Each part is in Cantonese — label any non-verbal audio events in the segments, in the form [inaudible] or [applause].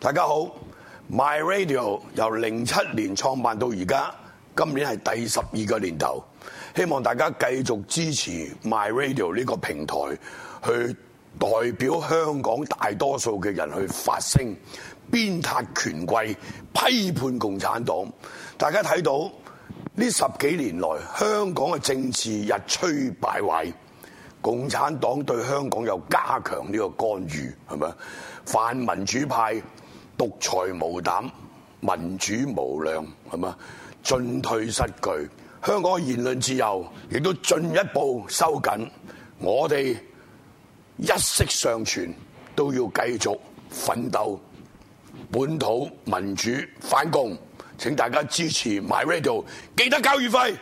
大家好，My Radio 由零七年創辦到而家，今年係第十二個年頭，希望大家繼續支持 My Radio 呢個平台，去代表香港大多數嘅人去發聲，鞭撻權貴，批判共產黨。大家睇到呢十幾年來香港嘅政治日趨敗壞，共產黨對香港有加強呢個干預，係咪啊？泛民主派。獨裁無膽，民主無量，係嘛？進退失據，香港嘅言論自由亦都進一步收緊。我哋一息尚存，都要繼續奮鬥。本土民主反共，請大家支持 MyRadio，記得交月費。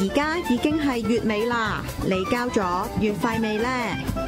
而家已經係月尾啦，你交咗月費未呢？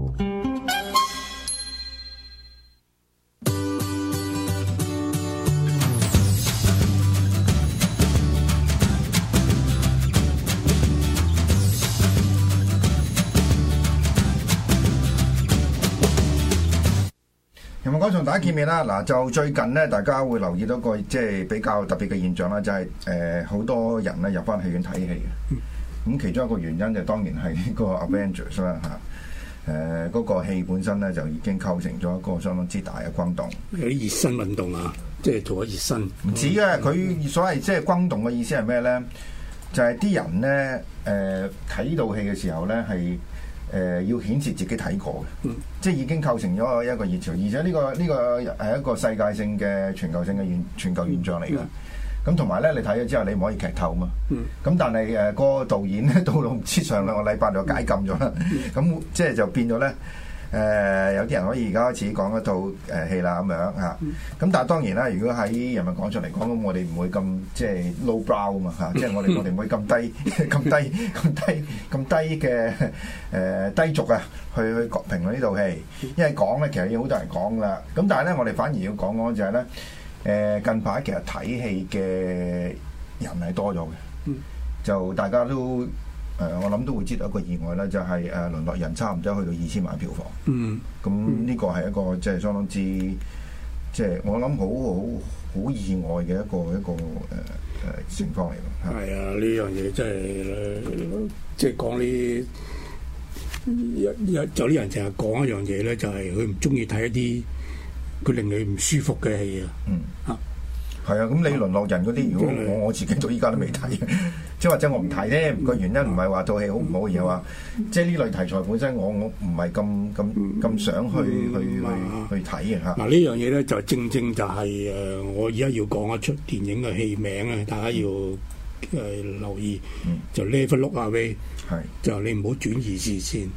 大家見面啦！嗱，就最近咧，大家會留意到個即係、就是、比較特別嘅現象啦，就係誒好多人咧入翻戲院睇戲嘅。咁其中一個原因就是、當然係呢、那個 Avengers 啦嚇。誒嗰、啊呃那個戲本身咧就已經構成咗一個相當之大嘅轟動。啲熱身運動啊，即係做咗熱身。唔止啊！佢、嗯、所謂即係轟動嘅意思係咩咧？就係、是、啲人咧誒睇到套戲嘅時候咧係。誒、呃、要顯示自己睇過嘅，即係已經構成咗一個熱潮，而且呢、呢個呢、呢個係一個世界性嘅全球性嘅現全球現象嚟嘅。咁同埋咧，你睇咗之後，你唔可以劇透啊嘛。咁、嗯、但係誒個導演咧，到到唔知上兩個禮拜就解禁咗啦。咁即係就變咗咧。誒有啲人可以而家開始講一套誒戲啦，咁樣嚇，咁但係當然啦，如果喺人文講場嚟講，咁我哋唔會咁即係 low brow 啊嘛嚇，即係我哋我哋唔會咁低、咁低、咁低、咁低嘅誒低俗啊，去去評論呢套戲，因為講咧其實有好多人講啦，咁但係咧我哋反而要講講就係咧，誒近排其實睇戲嘅人係多咗嘅，就大家都。誒，我諗都會知道一個意外咧，就係誒《淪落人》差唔多去到二千萬票房。嗯，咁呢個係一個即係、就是、相當之，即、就、係、是、我諗好好好意外嘅一個一個誒誒情況嚟咯。係、呃、啊，呢樣嘢真係，即、呃、係、就是、講呢，有有啲人成日講一樣嘢咧，就係佢唔中意睇一啲佢令你唔舒服嘅戲、嗯、啊。嗯。啊，係啊，咁你《淪落人》嗰啲，如果我、嗯、我自己到依家都未睇。嗯 [laughs] 即或者我唔提咧，個原因唔係話套戲好唔好嘅話，即係呢類題材本身，我我唔係咁咁咁想去去去去睇嘅嚇。嗱，呢樣嘢咧就正正就係誒，我而家要講一出電影嘅戲名咧，大家要誒留意，就呢忽 look 下俾，就你唔好轉移視線，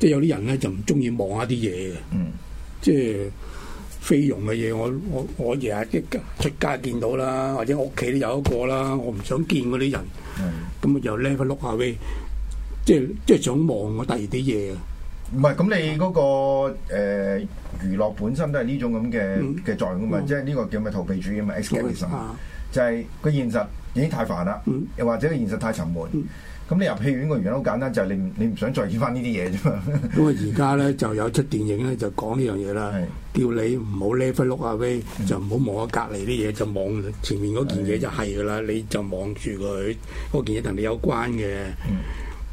即係有啲人咧就唔中意望一啲嘢嘅，即係。菲傭嘅嘢，我我我日日即出街見到啦，或者屋企都有一個啦，我唔想見嗰啲人。咁啊的，又擸翻碌 o o k 下嘅，即即想望我第二啲嘢唔係，咁你嗰個誒娛樂本身都係呢種咁嘅嘅作用嘛，嗯、即係呢個叫咩逃避主義咪 escapism 啊？就係個現實已經太煩啦，又、嗯、或者現實太沉悶。嗯咁你入戲院個原因好簡單，就係、是、你唔你唔想再演翻 [laughs] 呢啲嘢啫嘛。因為而家咧就有出電影咧就講呢樣嘢啦，是叫你唔好咧翻碌啊，嗰就唔好望下隔離啲嘢，就望前面嗰件嘢就係噶啦，嗯、你就望住佢嗰件嘢同你有關嘅，嗯、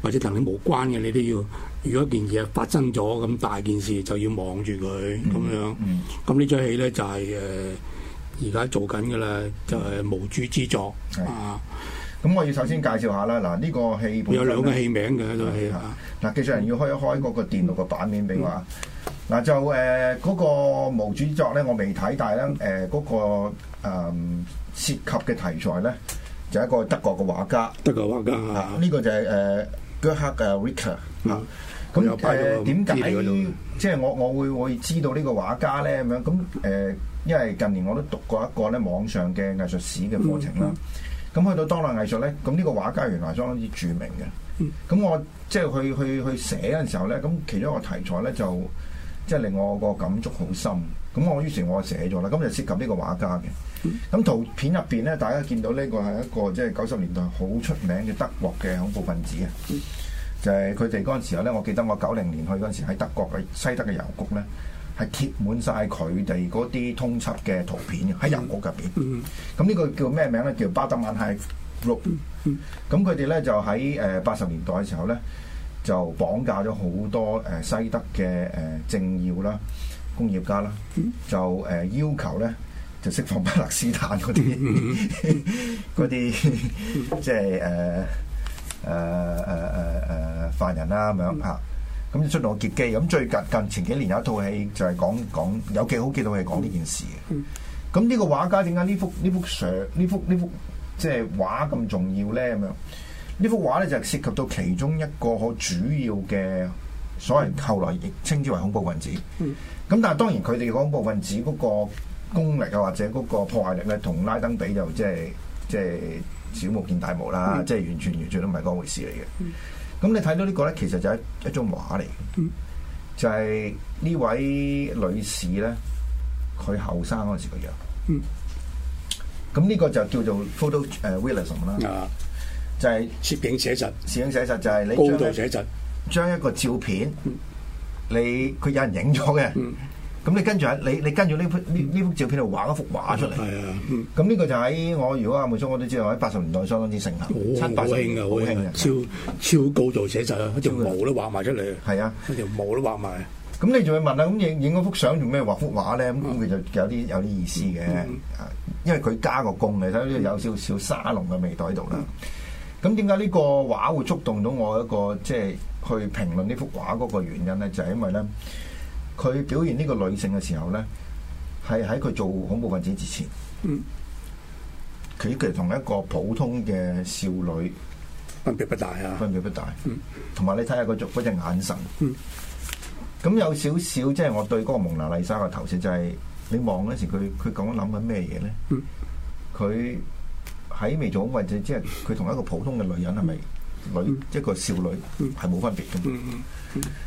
或者同你冇關嘅你都要。如果件嘢發生咗咁大件事就件，就要望住佢咁樣。咁呢出戲咧就係誒而家做緊噶啦，就係、是、無主之作啊。嗯啊咁我要首先介紹下啦，嗱呢個戲本有兩個戲名嘅呢個戲嗱，技術人要開一開嗰個電腦嘅版面俾我啊。嗱就誒嗰個無主之作咧，我未睇，但係咧誒嗰個涉及嘅題材咧，就一個德國嘅畫家。德國畫家啊，呢個就係誒 Gerhard Richter 咁誒點解即係我我會會知道呢個畫家咧咁樣？咁誒，因為近年我都讀過一個咧網上嘅藝術史嘅課程啦。咁去到當代藝術呢，咁呢個畫家原來相當之著名嘅。咁我即係、就是、去去寫嘅時候呢，咁其中一個題材呢，就即、是、係令我個感觸好深。咁我於是我就寫咗啦。咁就涉及呢個畫家嘅。咁圖片入邊呢，大家見到呢個係一個即係九十年代好出名嘅德國嘅恐怖分子啊。就係佢哋嗰陣時候呢，我記得我九零年去嗰陣時喺德國嘅西德嘅郵局呢。係貼滿晒佢哋嗰啲通緝嘅圖片喺郵局入邊。咁呢、嗯、個叫咩名咧？叫巴德曼海峽。咁佢哋咧就喺誒八十年代嘅時候咧，就綁架咗好多誒西德嘅誒政要啦、工業家啦，嗯、就誒要求咧就釋放巴勒斯坦嗰啲嗰啲即係誒誒誒誒誒犯人啦咁樣啊。嗯啊。咁就出到我結局，咁最近近前幾年有一套戲就係講講有幾好幾套係講呢件事嘅。咁呢個畫家點解呢幅呢幅相呢幅呢幅即係畫咁重要咧？咁樣呢幅畫咧就涉及到其中一個好主要嘅所謂後來亦稱之為恐怖分子。咁但係當然佢哋嘅恐怖分子嗰個功力啊或者嗰個破壞力咧，同拉登比就即係即係小巫見大巫啦，即係完全完全都唔係嗰回事嚟嘅。咁你睇到個呢個咧，其實就係一張畫嚟嘅，嗯、就係呢位女士咧，佢後生嗰時個樣。咁呢、嗯、個就叫做 photo 誒 realism 啦，就係攝影寫實。攝影寫實就係你，將你高度寫實，將一個照片，你佢有人影咗嘅。嗯嗯咁你跟住喺你你跟住呢幅呢呢幅照片度畫一幅畫出嚟。係啊，咁呢個就喺我如果阿梅叔我都知道喺八十年代相當之盛行。好，好興噶，好興。超超高度寫實啊，一條毛都畫埋出嚟。係啊，一條毛都畫埋。咁你仲要問啊？咁影影嗰幅相用咩畫幅畫咧？咁佢就有啲有啲意思嘅，因為佢加個工嘅，你睇有少少沙龍嘅味道喺度啦。咁點解呢個畫會觸動到我一個即係去評論呢幅畫嗰個原因咧？就係因為咧。佢表現呢個女性嘅時候咧，係喺佢做恐怖分子之前，佢其實同一個普通嘅少女分別不大啊，分別不大。同埋、嗯、你睇下佢做嗰隻眼神，咁、嗯、有少少即係我對嗰個蒙娜麗莎嘅投射就係、是、你望嗰陣時，佢佢究竟諗緊咩嘢咧？佢喺、嗯、未做恐怖分子，之係佢同一個普通嘅女人係咪？嗯是女，一個少女係冇分別嘅。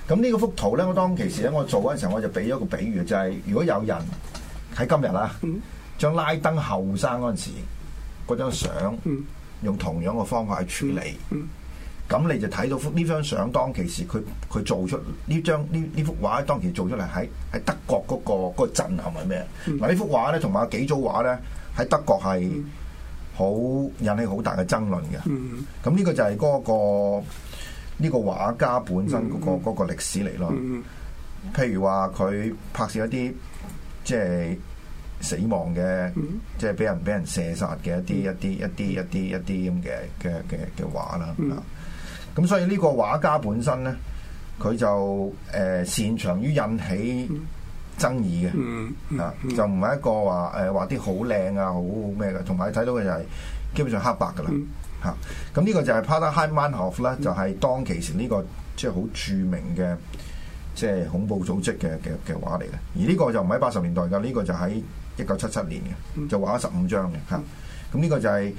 咁呢個幅圖咧，我當其時咧，我做嗰陣時候，我就俾咗個比喻，就係如果有人喺今日啊，將拉登後生嗰陣時嗰張相用同樣嘅方法去處理，咁你就睇到幅呢張相。當其時佢佢做出呢張呢呢幅畫，當其時做出嚟喺喺德國嗰個嗰個震撼係咩？嗱呢幅畫咧，同埋幾組畫咧，喺德國係。好引起好大嘅爭論嘅，咁呢、mm hmm. 個就係嗰、那個呢、這個畫家本身嗰、那個嗰、那個歷史嚟咯。譬如話佢拍攝一啲即係死亡嘅，mm hmm. 即係俾人俾人射殺嘅一啲一啲一啲一啲一啲咁嘅嘅嘅嘅畫啦。咁、mm hmm. 啊、所以呢個畫家本身咧，佢就誒、呃、擅長於引起爭議嘅，嗯嗯、啊，就唔係一個話誒話啲好靚啊，好咩嘅，同埋睇到嘅就係基本上黑白嘅、嗯啊、啦，嚇、嗯。咁呢、呢個就係 Baader-Meinhof 咧，就係當其時呢個即係好著名嘅即係恐怖組織嘅嘅嘅畫嚟嘅。而呢個就唔係八十年代㗎，呢、呢個就喺一九七七年嘅，就畫咗十五張嘅嚇。咁、啊、呢、嗯嗯啊、個就係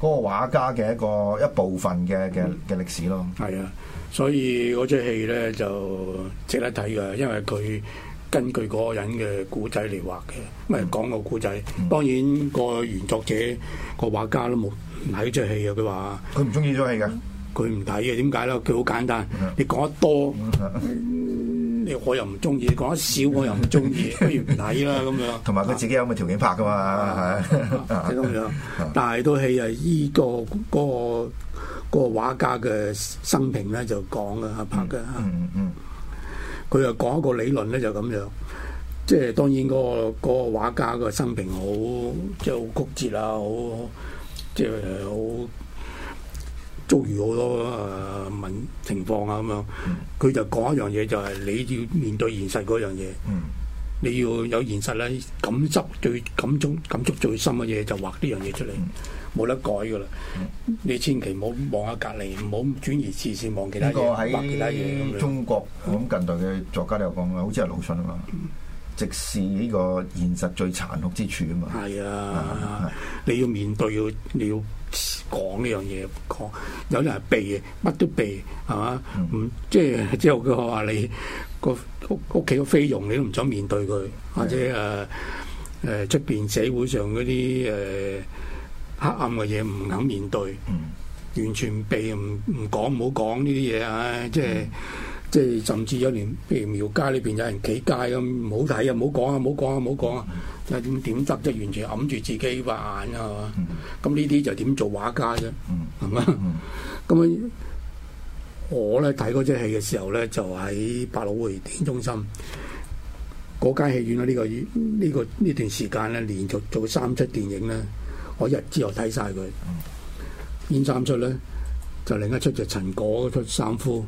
嗰個畫家嘅一個一部分嘅嘅嘅歷史咯。係啊、嗯，所以嗰出戲咧就值得睇嘅，嗯、的因為佢。根據嗰個人嘅古仔嚟畫嘅，咪、就、講、是、個古仔。當然個原作者、個畫家都冇睇出戲嘅，佢話佢唔中意咗戲嘅，佢唔睇嘅。點解咧？佢好簡單，你講得多，你我又唔中意；你講得少，我又唔中意，不如唔睇啦。咁樣。同埋佢自己有冇條件拍噶嘛？係咁樣。啊啊、但係都係依個嗰、嗰個、嗰個畫、嗰個、家嘅生平咧，就講嘅拍嘅。嗯嗯、啊。啊佢又講一個理論咧，就咁樣，即係當然嗰個嗰個畫家個生平好，即係好曲折啊，好即係好遭遇好多啊民、呃、情況啊咁樣。佢就講一樣嘢，就係你要面對現實嗰樣嘢。嗯、你要有現實咧，感觸最感觸感觸最深嘅嘢，就畫呢樣嘢出嚟。嗯冇得改噶啦！你千祈唔好望下隔籬，唔好轉移視線望其他嘢，畫其他嘢。中國咁近代嘅作家都有講啊，好似係魯迅啊嘛，直視呢個現實最殘酷之處啊嘛。係啊，你要面對，要你要講呢樣嘢，講有啲人係避，乜都避，係嘛？嗯，即係之後佢話你個屋屋企個菲傭你都唔想面對佢，或者誒誒出邊社會上嗰啲誒。黑暗嘅嘢唔肯面對，嗯、完全避唔唔講，唔好講呢啲嘢啊！Mean, [noise] 即係即係，甚至有連譬如廟街裏邊有人企街咁，唔好睇啊！唔好講啊！唔好講啊！唔好講啊！即係點點得啫？完全揞住自己眼啊！咁呢啲就點做畫家啫？係嘛、嗯嗎？咁啊 [laughs] 呢，我咧睇嗰出戲嘅時候咧，就喺百老匯電影中心嗰間戲院啦。呢、呢個呢、呢個呢段、呢個呢個、時間咧，連續做三出電影咧。我一日之後睇晒佢，邊三出咧，就另一出就陳果出《三夫》，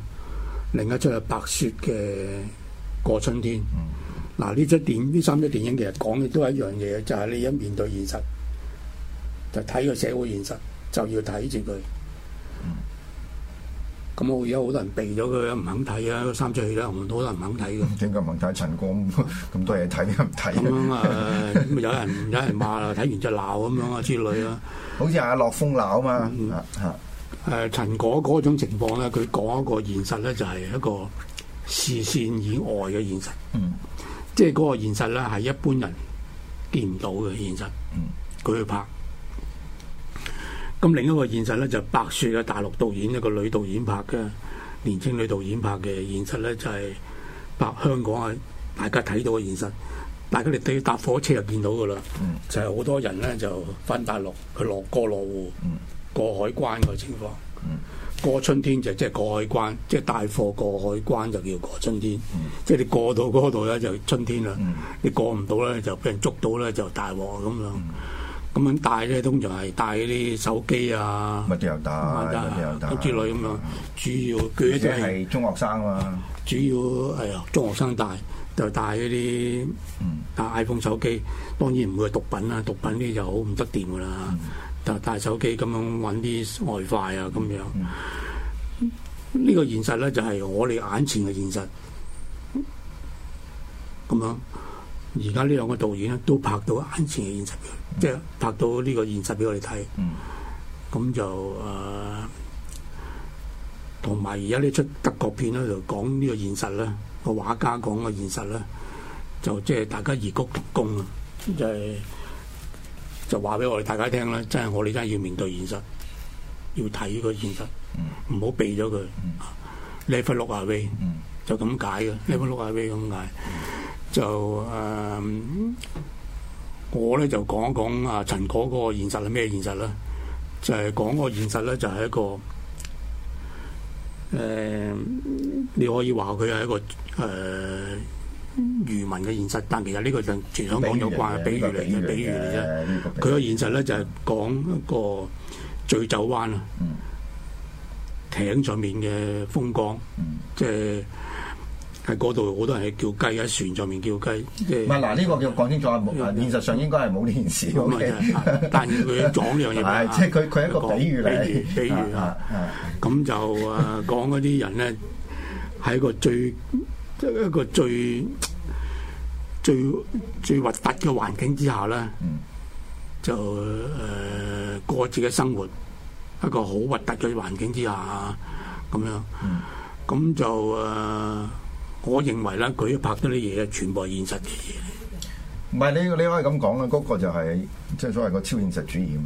另一出係白雪嘅《過春天》啊。嗱，呢出電呢三出電影其實講嘅都係一樣嘢，就係、是、你一面對現實，就睇個社會現實，就要睇住佢。咁我而家好多人避咗佢，唔肯睇啊！三出戲啦，好多人都唔肯睇嘅。點解唔睇？陳果咁多嘢睇，唔睇？咁樣啊！咁 [laughs] 嗯、有人，有人罵啦，睇完就鬧咁樣啊之類啊，好似阿樂風鬧啊嘛。嗯啊嗯、呃，陳果嗰種情況咧，佢講一個現實咧，就係、是、一個視線以外嘅現實。嗯、即係嗰個現實咧，係一般人見唔到嘅現實。佢去拍。咁另一個現實咧就是、白雪嘅大陸導演一個女導演拍嘅年青女導演拍嘅現實咧就係、是、白香港啊，大家睇到嘅現實，大家哋對搭火車就見到噶啦、嗯，就係好多人咧就返大陸去落過過羅湖過,過海關嘅情況，過春天就即係過海關，即、就、係、是、帶貨過海關就叫過春天，即係、嗯、你過到嗰度咧就春天啦，嗯、你過唔到咧就俾人捉到咧就大鑊咁樣。嗯咁樣帶咧，通常係帶嗰啲手機啊，乜嘢又帶，乜嘢又帶，帶之類咁樣，主要佢哋係中學生嘛、啊，主要誒、哎、中學生帶就帶嗰啲，嗯、帶 iPhone 手機，當然唔會係毒品啦，毒品啲就好唔得掂噶啦，嗯、就帶手機咁樣揾啲外快啊咁樣，呢、嗯、個現實咧就係、是、我哋眼前嘅現實，咁樣。嗯嗯而家呢兩個導演咧都拍到眼前嘅現實，嗯、即係拍到呢個現實俾我哋睇。咁、嗯、就誒，同埋而家呢出德國片咧就講呢個現實咧，個畫家講嘅現實咧，就即係大家異曲同工啊！就就話俾、就是、我哋大家聽啦，真係我哋真係要面對現實，要睇呢個現實，唔好、嗯、避咗佢。Never look away, 嗯、就咁解嘅，Never look away 咁解。就誒、呃，我咧就講一講啊，陳果嗰個現實係咩現實咧？就係、是、講個現實咧，就係、是、一個誒、呃，你可以話佢係一個誒、呃、漁民嘅現實，但其實呢個就全香港有關比喻嚟嘅比喻嚟嘅。佢、這個現實咧就係、是、講一個醉酒灣啊，嗯、艇上面嘅風光，嗯、即係。喺嗰度好多人喺叫雞喺船上面叫雞，即唔係嗱？呢個叫講清楚啊，冇、這、啊、個！現實上應該係冇呢件事嘅，但係佢講呢樣嘢即係佢佢一個比喻嚟說，比喻比喻啊！咁、啊、就啊，講嗰啲人咧，喺個最一個最一個最最核突嘅環境之下咧，嗯、就誒、呃、過自己生活，一個好核突嘅環境之下咁樣，咁就誒。嗯我認為咧，佢拍到啲嘢嘅全部係現實嘅嘢。唔係你，你可以咁講啦。嗰、那個就係、是、即係所謂個超現實主義咁。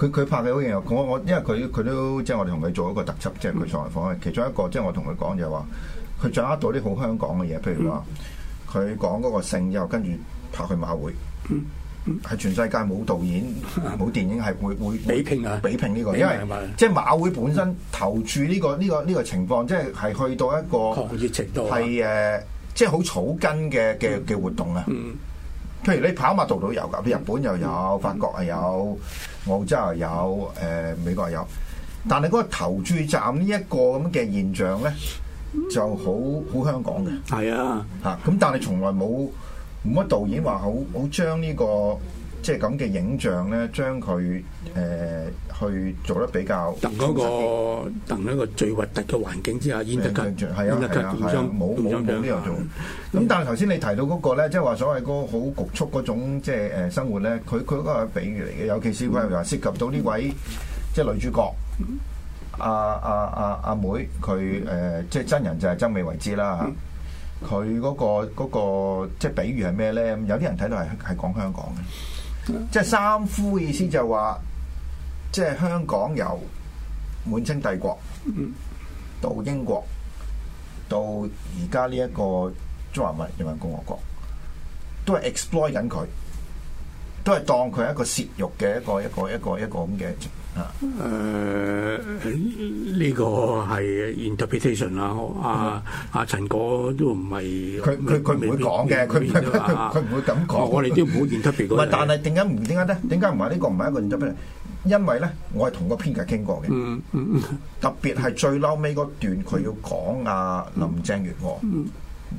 佢佢、嗯、拍嘅好嘢，我我因為佢佢都即係我哋同佢做一個特輯，即係佢採訪嘅。其中一個即係我同佢講就係話，佢掌握到啲好香港嘅嘢，譬如話佢、嗯、講嗰個性之後，跟住拍去馬會。嗯係全世界冇導演、冇電影係會會比拼啊！比拼呢、呢個，啊、因為吧即係馬會本身投注呢、呢個呢、呢個呢、呢個情況，即係係去到一個狂熱程度係即係好草根嘅嘅嘅活動啊！譬如你跑馬道都有㗎，日本又有，法國又有，澳洲又有，誒、呃、美國又有，但係嗰個投注站呢一個咁嘅現象咧，就好好香港嘅，係、嗯、啊，嚇！咁但係從來冇。唔乜導演話好好將呢個即係咁嘅影像咧，將佢誒去做得比較。喺嗰個喺一個最核突嘅環境之下演出特演出，係啊，係啊，係啊，冇冇冇呢樣做。咁但係頭先你提到嗰個咧，即係話所謂嗰個好局促嗰種即係誒生活咧，佢佢嗰個比喻嚟嘅，尤其是佢係涉及到呢位即係女主角阿阿阿阿妹，佢誒即係真人就係曾美未之啦。佢嗰個、嗰個、即係比喻係咩咧？有啲人睇到係係講香港嘅，即係三夫意思就話，即係香港由滿清帝國到英國到而家呢一個中華民人民共和國，都係 exploit 緊佢，都係當佢係一個攝入嘅一個一個一個一個咁嘅。誒，呢個係 interpretation 啦，阿阿陳果都唔係佢佢佢唔會講嘅，佢佢唔會咁講。我哋都唔會 interpret 唔係，但係點解唔點解咧？點解唔係呢個唔係一個 interpret？因為咧，我係同個編劇傾過嘅，特別係最嬲尾嗰段，佢要講阿、啊、林鄭月娥，嗯、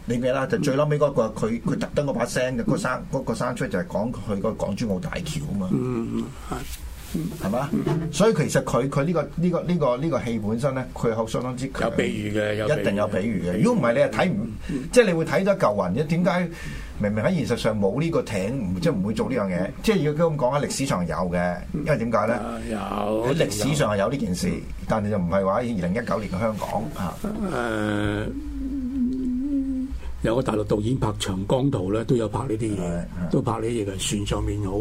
你明啦？就是、最嬲尾嗰句，佢佢特登、嗰個把聲嘅，嗰山嗰個山出嚟就係講佢個港珠澳大橋啊嘛。嗯嗯嗯係嘛？所以其實佢佢呢個呢、這個呢、這個呢、這個戲本身咧，佢好相當之有比喻嘅，有一定有比喻嘅。如果唔係，你係睇唔即係你會睇咗一嚿雲嘅？點解明明喺現實上冇呢個艇，即係唔會做呢樣嘢？即係如果佢咁講，喺歷史上有嘅，因為點解咧？有喺歷史上係有呢件事，但係就唔係話二零一九年嘅香港啊。誒，uh, 有個大陸導演拍長江圖咧，都有拍呢啲嘢，都拍呢啲嘢嘅船上面好。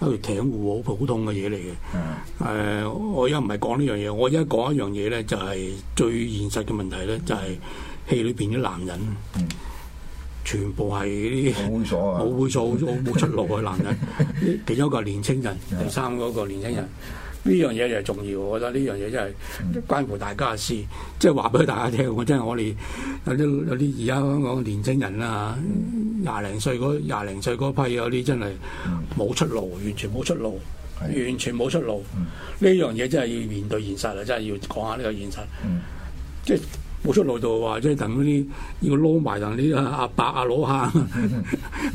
喺度艇戶好普通嘅嘢嚟嘅，誒我而家唔係講呢樣嘢，我而家講一樣嘢咧，就係、是、最現實嘅問題咧，就係、是、戲裏邊啲男人，嗯、全部係啲冇猥瑣啊，冇猥瑣，冇出路嘅男人。 [laughs] 其中一個,個一個年青人，第三嗰個年青人，呢樣嘢就係重要，我覺得呢樣嘢真係關乎大家嘅事，即係話俾大家聽，我真係我哋有啲有啲而家香港嘅年青人啊。嗯廿零歲嗰廿零歲批有啲真係冇出路，完全冇出路，的完全冇出路。呢、嗯、樣嘢真係要面對現實啦，真係要講下呢個現實。嗯、即係冇出路就話，即係等嗰啲要撈埋，等啲阿伯阿佬、啊、下，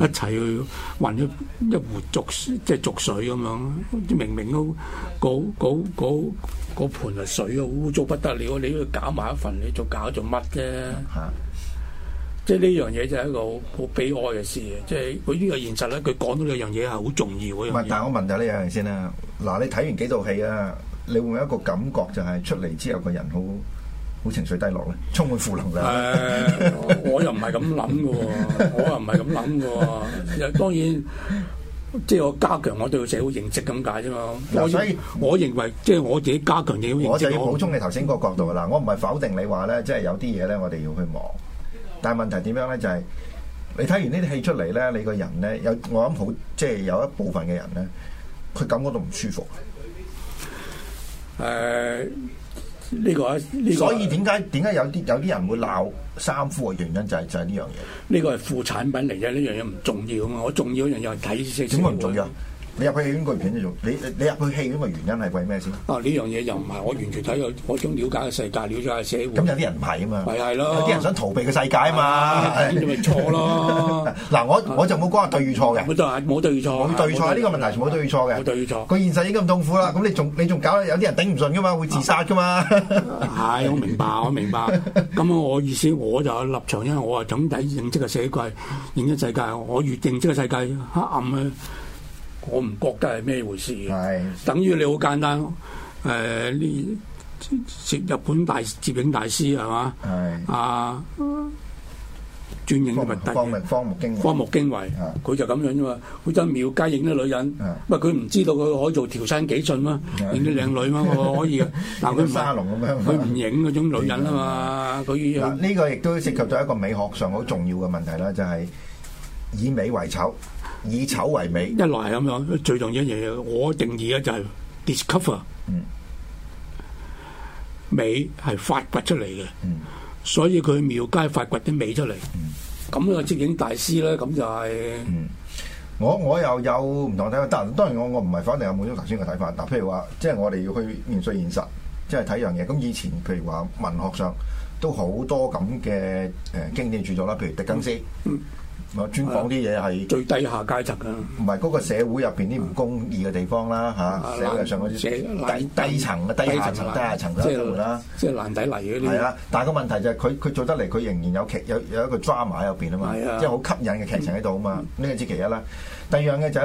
[laughs] 一齊去運一一壺濁即係濁水咁樣。明明都嗰嗰盤係水啊，污糟不得了！你要搞埋一份，你做搞做乜啫？即係呢樣嘢就係一個好悲哀嘅事，即係佢呢個現實咧，佢講到呢樣嘢係好重要嘅。唔係，但我問下呢樣先啦。嗱，你睇完幾套戲啊？你會唔會有一個感覺，就係出嚟之後個人好好情緒低落咧，充滿負能量。我又唔係咁諗嘅喎，我又唔係咁諗嘅喎。 [laughs] 當然，即係我加強我對社會認識咁解啫嘛。我所以，我認為即係我自己加強自己嘅認識。我就要補充你頭先個角度啦。 [laughs] 我唔係否定你話咧，即係有啲嘢咧，我哋要去望。但係問題點樣咧？就係你睇完呢啲戲出嚟咧，你個人咧有我諗好，即係有一部分嘅人咧，佢感覺到唔舒服。誒，呢個呢個，所以點解點解有啲有啲人會鬧三夫嘅原因就係就係呢樣嘢。呢個係副產品嚟嘅，呢樣嘢唔重要啊！我重要一樣嘢係睇這些。點解唔重要？入去戲院個片做，你你入去戲院咁嘅原因係為咩先？啊呢樣嘢又唔係我完全睇我想了解嘅世界，了解嘅社會。咁有啲人唔係啊嘛，係係咯，有啲人想逃避個世界啊嘛，咁咪錯咯。嗱、嗯嗯嗯嗯、 [laughs] 我我就冇講話對與錯嘅，佢都係冇對錯，冇對錯呢個問題全部都係錯嘅，冇、啊、對與錯。個現實已經咁痛苦啦，咁你仲你仲搞有啲人頂唔順㗎嘛，會自殺㗎嘛。係、啊、我明白，我明白。咁 [laughs] 我意思我就立場，因為我係想睇認識嘅世界，認識世界我越認識嘅世界黑暗啊。我唔覺得係咩回事嘅，等於你好簡單。誒，攝日本大攝影大師係嘛？係啊，專影嘅物質。荒荒荒木經荒木經惟，佢就咁樣啫嘛。佢真係廟街影啲女人，唔佢唔知道佢可以做調身幾寸嗎？影啲靚女嗎？可以嘅。嗱，佢沙龍咁樣，佢唔影嗰種女人啊嘛。佢呢個亦都涉及到一個美學上好重要嘅問題啦，就係以美為醜。以醜為美，一來係咁樣，最重要一樣嘢，我定義咧就係 discover。嗯，美係發掘出嚟嘅，嗯，所以佢妙街發掘啲美出嚟，嗯，咁啊，攝影大師咧，咁就係、是，嗯，我我又有唔同睇法，但當然我我唔係否定阿滿叔頭先嘅睇法。嗱，譬如話，即係我哋要去面對現實，即係睇樣嘢。咁以前譬，譬如話文學上都好多咁嘅誒經典著作啦，譬如狄更斯，嗯。唔係專講啲嘢係最低下階層啊，唔係嗰個社會入邊啲唔公義嘅地方啦嚇、啊，社會上嗰啲低低層嘅、啊、低，低下層低下層嘅啦，即係爛底泥嗰啲。係啊，但係個問題就係佢佢做得嚟，佢仍然有劇有有一個 drama 嘛喺入邊啊嘛，即係好吸引嘅劇情喺度啊嘛。呢個之其一啦，第二樣嘅就係、是、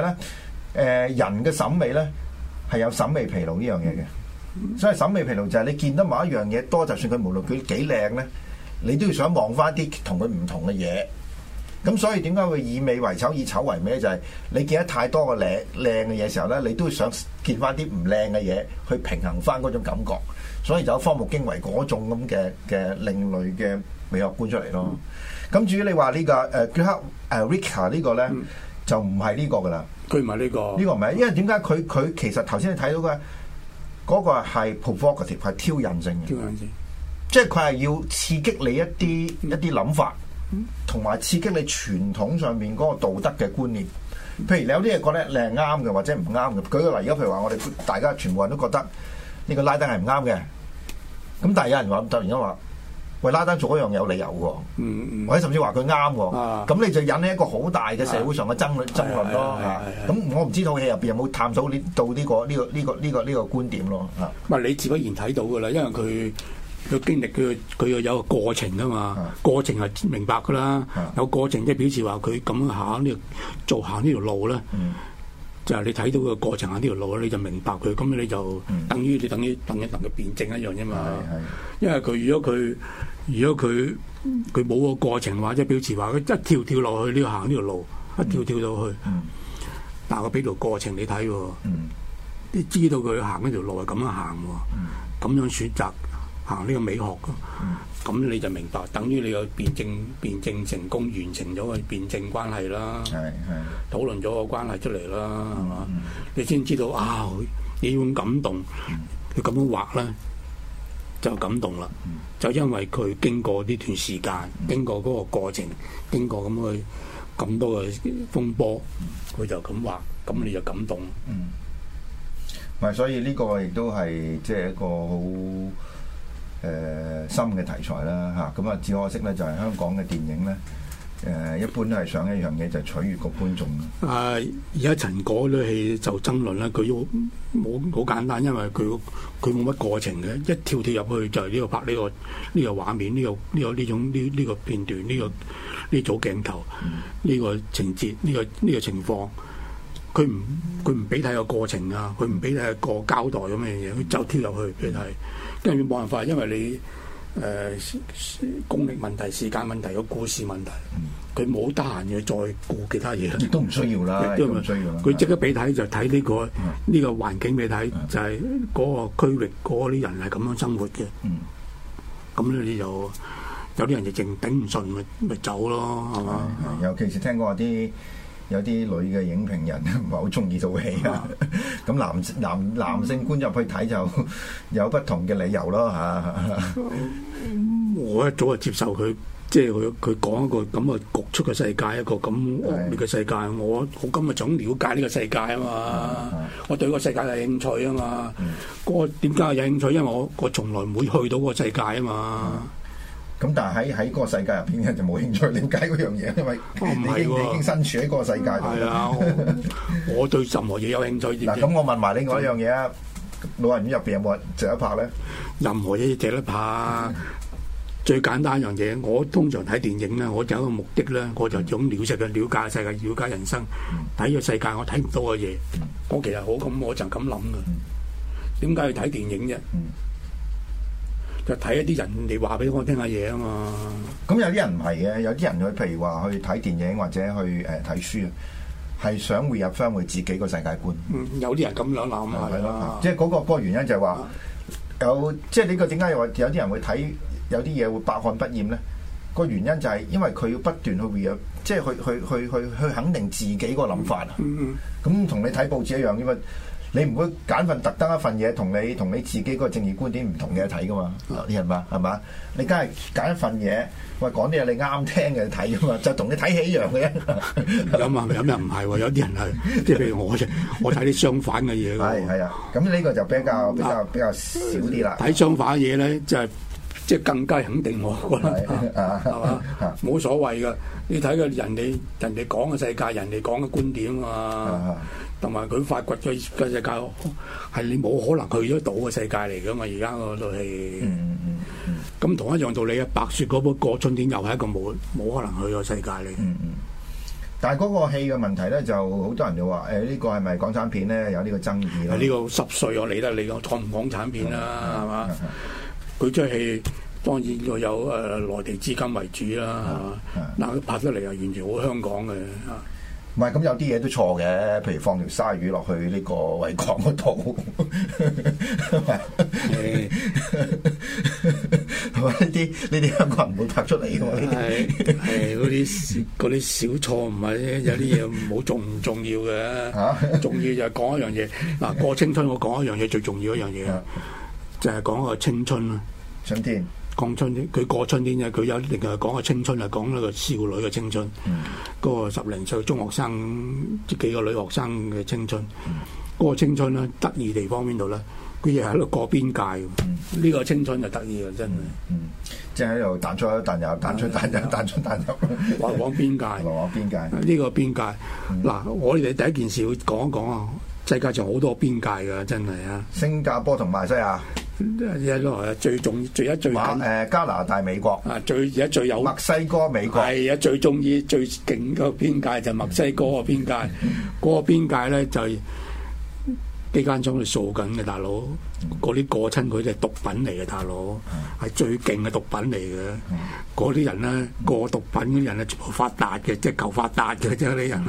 咧，誒人嘅審美咧係有審美疲勞呢樣嘢嘅。嗯、所以審美疲勞就係你見到某一樣嘢多，就算佢無論佢幾靚咧，你都要想望翻啲同佢唔同嘅嘢。咁所以點解會以美為醜，以醜為美咧？就係、是、你見得太多個靚靚嘅嘢時候咧，你都想見翻啲唔靚嘅嘢去平衡翻嗰種感覺。所以就有科目經為嗰種咁嘅嘅另類嘅美學搬出嚟咯。咁、嗯、至於你話呢個誒傑克誒 Richter 呢個咧，就唔係呢個噶啦，佢唔係呢個，呃呃、個呢、嗯、個唔係、這個，因為點解佢佢其實頭先你睇到嘅嗰、那個係 provocative 係挑釁性嘅，挑釁性，即係佢係要刺激你一啲一啲諗法。同埋刺激你傳統上面嗰個道德嘅觀念，譬如你有啲嘢覺得你係啱嘅或者唔啱嘅，舉個例，如果譬如話我哋大家全部人都覺得呢個拉登係唔啱嘅，咁但係有人話突然間話喂，拉登做一樣嘢有理由喎，或者甚至話佢啱喎，咁你就引起一個好大嘅社會上嘅爭論，爭論咯。咁我唔知道戲入邊有冇探討呢到呢個呢個呢個呢個呢個呢個觀點咯嚇。唔係你自不然睇到噶啦，因為佢。佢經歷，佢佢又有個過程噶嘛？啊、過程係明白噶啦。啊、有過程即係表示話佢咁樣行呢條做行呢條路咧。就係你睇到個過程行呢條，嗯、路你就明白佢。咁你就等於你，嗯、等於等，等一等佢辯證一樣啫嘛。是是是因為佢如果佢如果佢佢冇個過程，或者表示話佢一跳跳落去呢行呢條路，一跳跳到去。嗯嗯、但係我俾條過程你睇，哦、啲，嗯嗯、知道佢行呢條路係咁樣，樣行，咁樣選擇。行呢個美學噶，咁你就明白，等於你個辯證辯證成功完成咗個辯證關係啦，係係討論咗個關係出嚟啦，係嘛？你先知道啊，你要感動，佢咁樣畫咧就感動啦，就因為佢經過呢段時間，經過嗰個過程，經過咁去咁多嘅風波，佢就咁畫，咁你就感動。唔係，所以呢個亦都係即係一個好。誒新嘅題材啦嚇，咁啊只可惜咧就係、係、香港嘅電影咧誒、呃，一般都係想一樣嘢就取悅個觀眾。係而家陳果啲戲就爭論啦，佢要冇好簡單，因為佢佢冇乜過程嘅，一跳跳入去就係呢、呢個拍呢個呢個畫面，呢、呢個呢、呢個呢種呢呢、呢個片段，呢、呢個呢組、呢個、鏡頭，呢、嗯、個情節，呢、呢個呢、呢個情況。佢唔佢唔俾睇個過程啊，佢唔俾睇個交代咁樣嘢，佢就貼落去，譬如係跟住冇辦法，因為你誒功力問題、時間問題、個故事問題，佢冇得閒去再顧其他嘢。亦都唔需要啦，亦都唔需要啦，佢即刻俾睇就睇呢個呢個環境俾睇就係嗰個區域嗰啲人係咁樣生活嘅，咁咧你就有啲人就淨頂唔順咪咪走咯，係嘛？尤其是聽過啲。有啲女嘅影評人唔係好中意套戲啊，咁 [laughs] 男男男性觀入去睇就有不同嘅理由咯吓。嗯、 [laughs] 我一早就接受佢，即係佢佢講一個咁嘅局促嘅世界，一個咁惡劣嘅世界。的我我今日想了解呢個世界啊嘛，的我對個世界有興趣啊嘛。的嗰個點解有興趣？因為我我從來唔會去到嗰個世界啊嘛。咁但係喺喺嗰個世界入邊咧，就冇興趣瞭解嗰樣嘢，因為你已經已經身處喺嗰個世界度。係啊，我對任何嘢有興趣。嗱，咁我問埋另外一樣嘢啊，老人院入邊有冇人值得拍咧？任何嘢值得拍。最簡單一樣嘢，我通常睇電影咧，我就有個目的咧，我就想了實嘅瞭解世界，瞭解人生。睇個世界，我睇唔到嘅嘢，我其實我咁，我就咁諗嘅。點解要睇電影啫？就睇一啲人嚟話俾我聽下嘢啊嘛！咁有啲人唔係嘅，有啲人佢譬如話去睇電影或者去誒睇、呃、書啊，係想會入翻佢自己個世界觀。嗯、有啲人咁樣諗係啦。即係嗰個原因就係話有，即係呢個點解又話有啲人會睇有啲嘢會百看不厭咧？個原因就係因為佢要不斷去會入，即係去去去去去肯定自己個諗法啊！咁同、嗯嗯嗯、你睇報紙一樣，因為。你唔會揀份特登一份嘢同你同你自己嗰個政治觀點唔同嘅睇噶嘛？啲人嘛，係嘛？你梗係揀一份嘢，喂，講啲嘢你啱聽嘅睇噶嘛？就同你睇戲一樣嘅。咁啊，咁又唔係喎？有啲人係，即係譬如我啫，我睇啲相反嘅嘢。係係啊，咁呢個就比較比較比較少啲啦。睇相反嘢咧，就係即係更加肯定我覺得係嘛？冇所謂噶，你睇嘅人哋人哋講嘅世界，人哋講嘅觀點啊。同埋佢發掘咗嘅世界，係你冇可能去得到嘅世界嚟㗎嘛？而家個戲，咁、嗯嗯嗯嗯、同一樣道理啊！白雪嗰部《過春天》又係一個冇冇可能去嘅世界嚟、嗯嗯。但係嗰個戲嘅問題咧，就好多人就話：誒、欸、呢、這個係咪港產片咧？有呢個爭議啦。呢個濕碎我理得你，我創唔港產片啦、啊，係嘛、嗯嗯嗯？佢出戲當然要有誒、呃、內地資金為主啦，係嘛？嗱，拍出嚟又完全好香港嘅。唔係咁有啲嘢都錯嘅，譬如放條鯊魚落去呢個胃腸嗰度，係嘛？呢啲呢啲香港人唔會拍出嚟嘅喎。係係嗰啲嗰啲小錯誤 [laughs] 啊，有啲嘢唔好重唔重要嘅。重要就係講一樣嘢嗱，過青春我講一樣嘢最重要一樣嘢，啊、就係講個青春啦。啊、春天。過春天，佢過春天嘅，佢有一定係講個青春啊，講呢個少女嘅青春，嗰個十零歲中學生，即幾個女學生嘅青春，嗰個青春咧，得意地方邊度咧？佢亦係喺度過邊界。呢個青春就得意啊，真係。即喺度彈出彈入，彈出彈入，彈出彈入。來往邊界，來往邊界。呢個邊界，嗱，我哋第一件事會講一講啊。世界仲好多邊界㗎，真係啊。新加坡同馬來西亞。最重，最一最緊誒、啊、加拿大、美國啊，最而家最有西、哎、最最墨西哥、美國係一最中意、最勁個邊界就墨西哥個邊界，嗰個邊界咧就幾間廠去掃緊嘅大佬，嗰啲過親佢哋毒品嚟嘅大佬，係 [laughs] 最勁嘅毒品嚟嘅，嗰啲 [laughs] 人咧過毒品嗰啲人啊，全部發達嘅，即係求發達嘅啫啲人，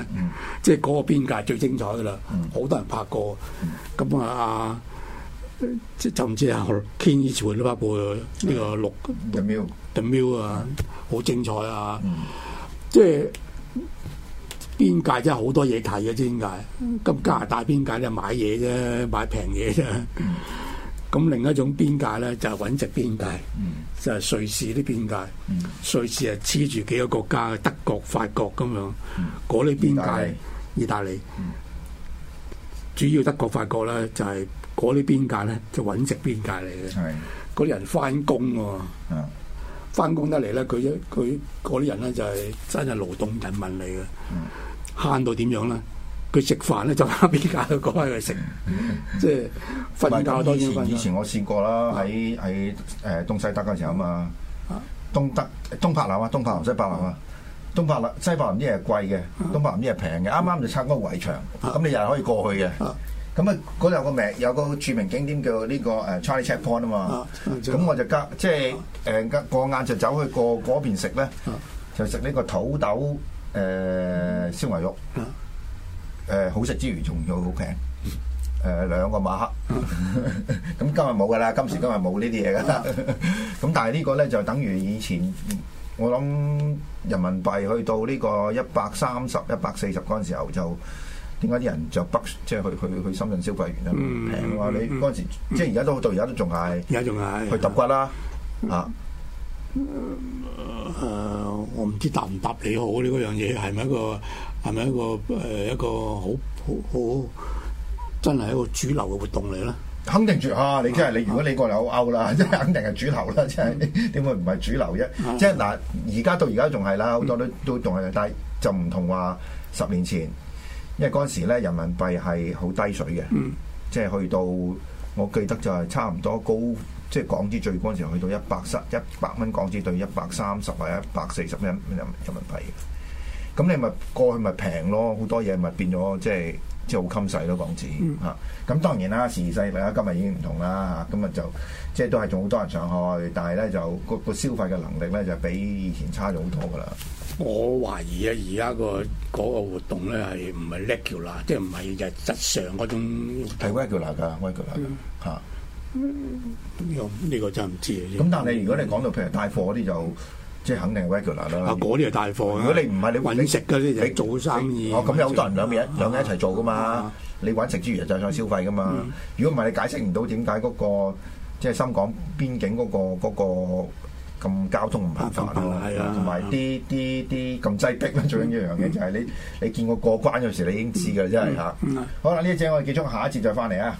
即係嗰個邊界最精彩噶啦，好多人拍過，咁啊。即係、嗯、就唔知啊！天意潮呢批布呢個綠 t e m i l the mill Mil 啊、uh, 嗯，好精彩啊！嗯、即係邊界真係好多嘢睇嘅，知點解？咁加拿大邊界咧買嘢啫，買平嘢啫。咁另一種邊界咧就係穩值邊界，就係、是就是、瑞士啲邊界。嗯、瑞士係，黐住幾個國家嘅德國、法國咁樣。嗰啲邊界，意大利，主要德國、就是、法國咧就係。嗰啲邊界咧就搵食邊界嚟嘅，嗰啲人翻工喎，翻工得嚟咧，佢佢嗰啲人咧就係真係勞動人民嚟嘅，慳到點樣啦？佢食飯咧就返邊界度過返去食，即係瞓覺多時。以前我試過啦，喺喺誒東西德嘅時候啊嘛，東德東柏林啊，東柏林西柏林啊，東柏林西柏林啲係貴嘅，東柏林啲係平嘅，啱啱就拆嗰個圍牆，咁你又可以過去嘅。咁啊，嗰度有個名，有個著名景點叫呢個誒 Charlie Checkpoint 啊嘛。咁、啊、我就加，即係誒個晏就走去過嗰邊食咧，就食呢個土豆誒、呃、燒牛肉。誒、呃、好食之餘，仲要好平。誒、呃、兩個馬克。咁、嗯、 [laughs] 今日冇噶啦，今時今日冇 [laughs] 呢啲嘢噶。咁但係呢個咧就等於以前，我諗人民幣去到呢個一百三十一百四十嗰陣時候就。點解啲人就北即係去去去深圳消費完咧？我話你嗰陣時，即係而家都到而家都仲係，而家仲係去揼骨啦，啊！我唔知答唔答你好呢？嗰樣嘢係咪一個係咪一個誒一個好好好真係一個主流嘅活動嚟咧？肯定住嚇！你即係你，如果你過嚟好歐啦，即係肯定係主流啦！即係點會唔係主流啫？即係嗱，而家到而家仲係啦，好多都都仲係，但係就唔同話十年前。因為嗰陣時咧人民幣係好低水嘅，嗯、即係去到我記得就係差唔多高，即、就、係、是、港紙最高嗰陣時去到一百三一百蚊港紙對一百三十或一百四十蚊人民幣嘅。咁你咪過去咪平咯，好多嘢咪變咗即係即係好襟使咯港紙嚇。咁、嗯啊、當然啦，時勢啦，今日已經唔同啦嚇，咁啊就即係都係仲好多人上去，但係咧就個、那個消費嘅能力咧就比以前差咗好多㗎啦。我懷疑啊，而家個嗰個活動咧係唔係 regular 啦？即係唔係日質上嗰種係 regular 噶，regular 噶嚇。咁呢個真係唔知啊！咁但係如果你講到譬如帶貨嗰啲就即係肯定 regular 啦。嗰啲係帶貨，如果你唔係你揾你食嗰啲，你做生意，咁有好多人兩邊兩邊一齊做噶嘛。你揾食之餘就想消費噶嘛。如果唔係你解釋唔到點解嗰個即係深港邊境嗰個嗰個。咁交通唔麻煩咯，同埋啲啲啲咁擠逼啦，最緊要一樣嘢就係你、uh, 你見我過，過關嗰時，你已經知㗎啦，真係嚇。Uh, 啊、好啦，呢一節我哋結束，下一節再翻嚟啊。